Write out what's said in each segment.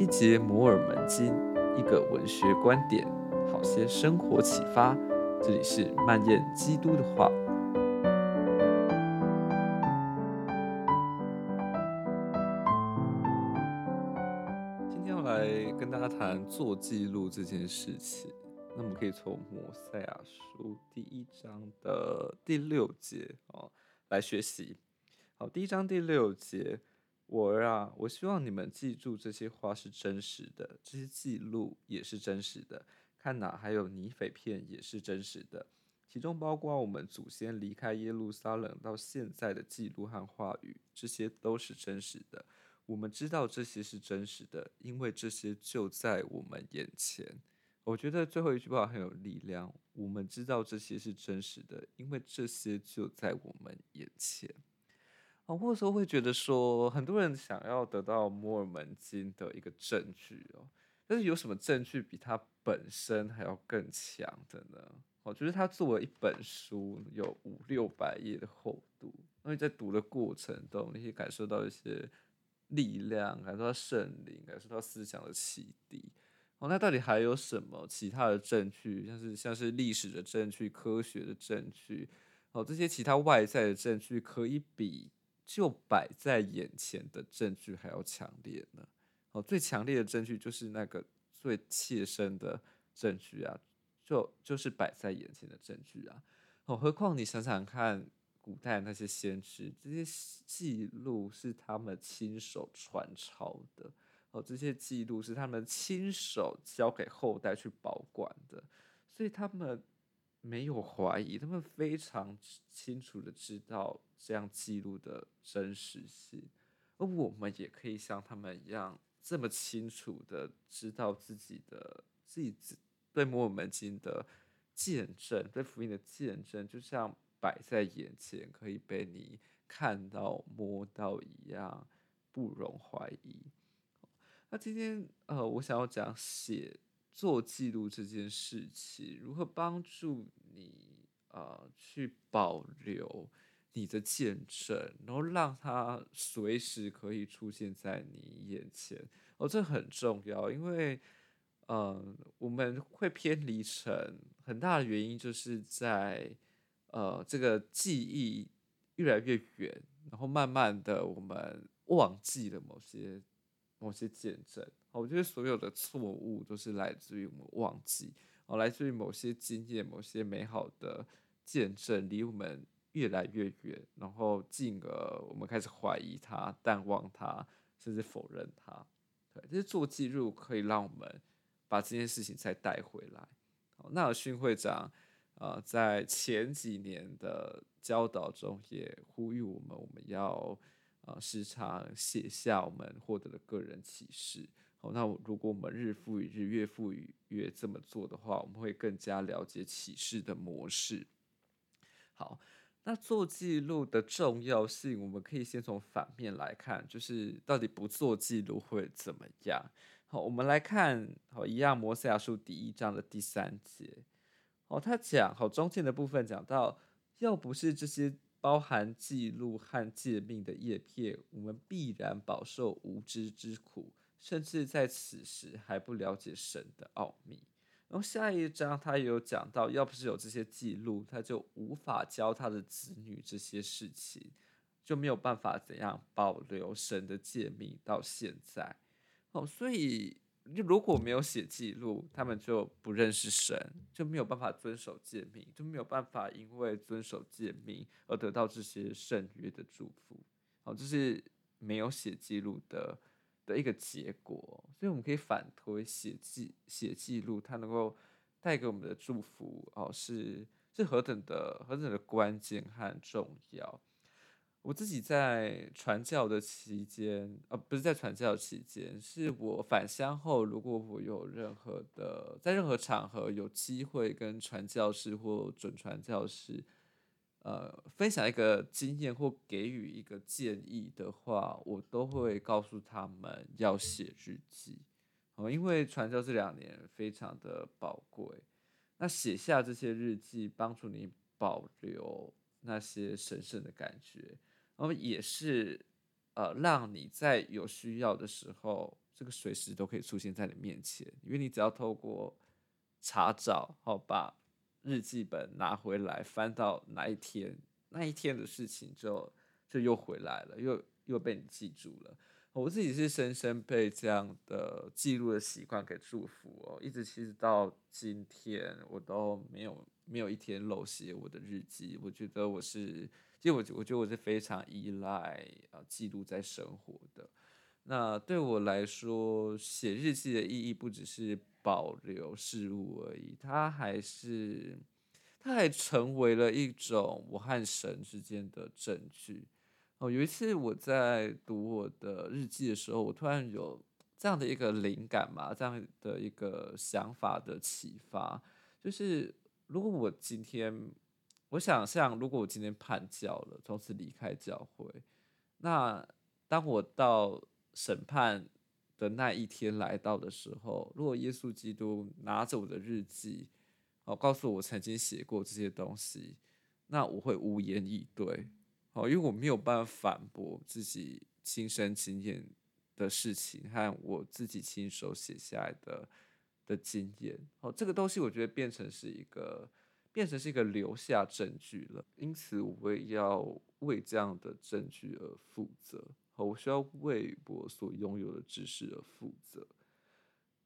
一節摩爾門經，一個文學觀點，好些生活啟發。這裡是漫念基督的話。今天要來跟大家談做記錄這件事情。那我們可以從摩賽亞書第一章的第六節哦來學習。好，第一章第六節。我兒啊，我希望你們記住這些話是真實的，這些記錄也是真實的。看哪，還有尼腓片也是真實的，其中包括我們祖先離開耶路撒冷到現在的記錄和話語，這些都是真實的。我們知道這些是真實的，因為這些就在我們眼前。我覺得最後一句話很有力量。我們知道這些是真實的，因為這些就在我們眼前。或者說會覺得說，很多人想要得到摩爾門經的一個證據哦，但是有什麼證據比它本身還要更強的呢？哦，就是它作為一本書，有五六百頁的厚度，那你在讀的過程中，你可以感受到一些力量，感受到聖靈，感受到思想的啟迪。哦，那到底還有什麼其他的證據？像是像是歷史的證據、科學的證據，哦，這些其他外在的證據可以比？就擺在眼前的證據還要強烈呢？哦，最強烈的證據就是那個最切身的證據啊，就就是擺在眼前的證據啊，哦，何況你想想看，古代那些先知，這些記錄是他們親手傳抄的，哦，這些記錄是他們親手交給後代去保管的，所以他們。沒有懷疑，他們非常清楚地知道這樣記錄的真實性，而我們也可以像他們一樣，這麼清楚地知道自己的自己對《摩爾門經》的見證，對福音的見證，就像擺在眼前，可以被你看到、摸到一樣，不容懷疑。那今天，呃，我想要講寫。做記錄這件事情，如何幫助你啊、呃？去保留你的見證，然後讓它隨時可以出現在你眼前。哦，這很重要，因為嗯、呃，我們會偏離成很大的原因，就是在呃，這個記憶越來越遠，然後慢慢的我們忘記了某些。某些見證，我覺得所有的錯誤都是來自於我們忘記，哦，來自於某些經驗、某些美好的見證離我們越來越遠，然後進而我們開始懷疑它、淡忘它，甚至否認它。這就是做記錄可以讓我們把這件事情再帶回來。好，納爾遜會長，啊、呃，在前幾年的教導中也呼籲我們，我們要。啊，時常寫下我們獲得的個人啟示。好，那如果我們日復一日、月復一月這麼做的話，我們會更加了解啟示的模式。好，那做記錄的重要性，我們可以先從反面來看，就是到底不做記錄會怎麼樣？好，我們來看好《一樣摩賽亞書》第一章的第三節。哦，他講好中間的部分講到，要不是這些。包含記錄和誡命的頁片，我們必然飽受無知之苦，甚至在此時還不了解神的奧秘。然後下一章他也有講到，要不是有這些記錄，他就無法教他的子女這些事情，就沒有辦法怎樣保留神的誡命到現在。哦，所以。就如果沒有寫記錄，他們就不認識神，就沒有辦法遵守誡命，就沒有辦法因為遵守誡命而得到這些聖約的祝福。哦，這是沒有寫記錄的的一個結果。所以我們可以反推，寫記寫記錄，它能夠帶給我們的祝福，哦，是是何等的何等的關鍵和重要。我自己在傳教的期間，呃、啊，不是在傳教期間，是我返鄉後，如果我有任何的在任何場合有機會跟傳教士或準傳教士，呃，分享一個經驗或給予一個建議的話，我都會告訴他們要寫日記。哦、嗯，因為傳教這兩年非常的寶貴，那寫下這些日記，幫助你保留那些神聖的感覺。那麼也是，呃，讓你在有需要的時候，這個隨時都可以出現在你面前，因為你只要透過查找，好把日記本拿回來，翻到哪一天，那一天的事情就就又回來了，又又被你記住了。我自己是深深被這樣的記錄的習慣給祝福哦，一直其實到今天，我都沒有沒有一天漏寫我的日記，我覺得我是。就我我覺得我是非常依賴啊記錄在生活的。那對我來說，寫日記的意義不只是保留事物而已，它還是它還成為了一種我和神之間的證據。哦，有一次我在讀我的日記的時候，我突然有這樣的一個靈感嘛，這樣的一個想法的啟發，就是如果我今天。我想象，如果我今天叛教了，從此離開教會，那當我到審判的那一天來到的時候，如果耶穌基督拿着我的日記，哦，告訴我曾經寫過這些東西，那我會無言以對，哦，因為我沒有辦法反駁自己親身經驗的事情和我自己親手寫下來的的經驗，哦，這個東西我覺得變成是一個。變成是一個留下證據了，因此我也要為這樣的證據而負責。我需要為我所擁有的知識而負責。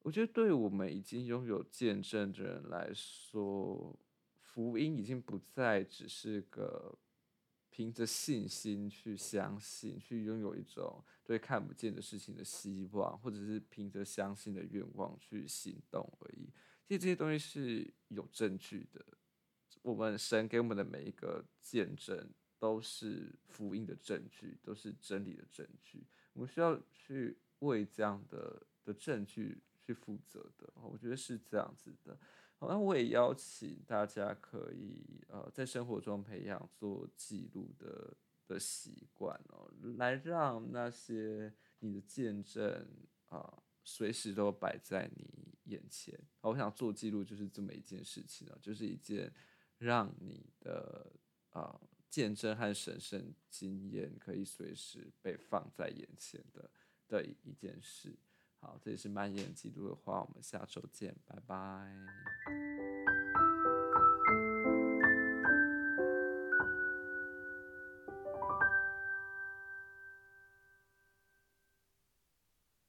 我覺得，對我們已經擁有見證的人來說，福音已經不再只是個憑着信心去相信、去擁有一種對看不見的事情的希望，或者是憑着相信的願望去行動而已。其實這些東西是有證據的。我們神給我們的每一個見證都是福音的證據，都是真理的證據。我們需要去為這樣的的證據去負責的。我覺得是這樣子的。好，那我也邀請大家可以呃，在生活中培養做記錄的的習慣哦，來讓那些你的見證啊、呃，隨時都擺在你眼前。好，我想做記錄就是這麼一件事情啊、哦，就是一件。讓你的啊、呃、見證和神聖經驗可以隨時被放在眼前的的一件事。好，這裡是蔓延基督的話，我們下周見，拜拜。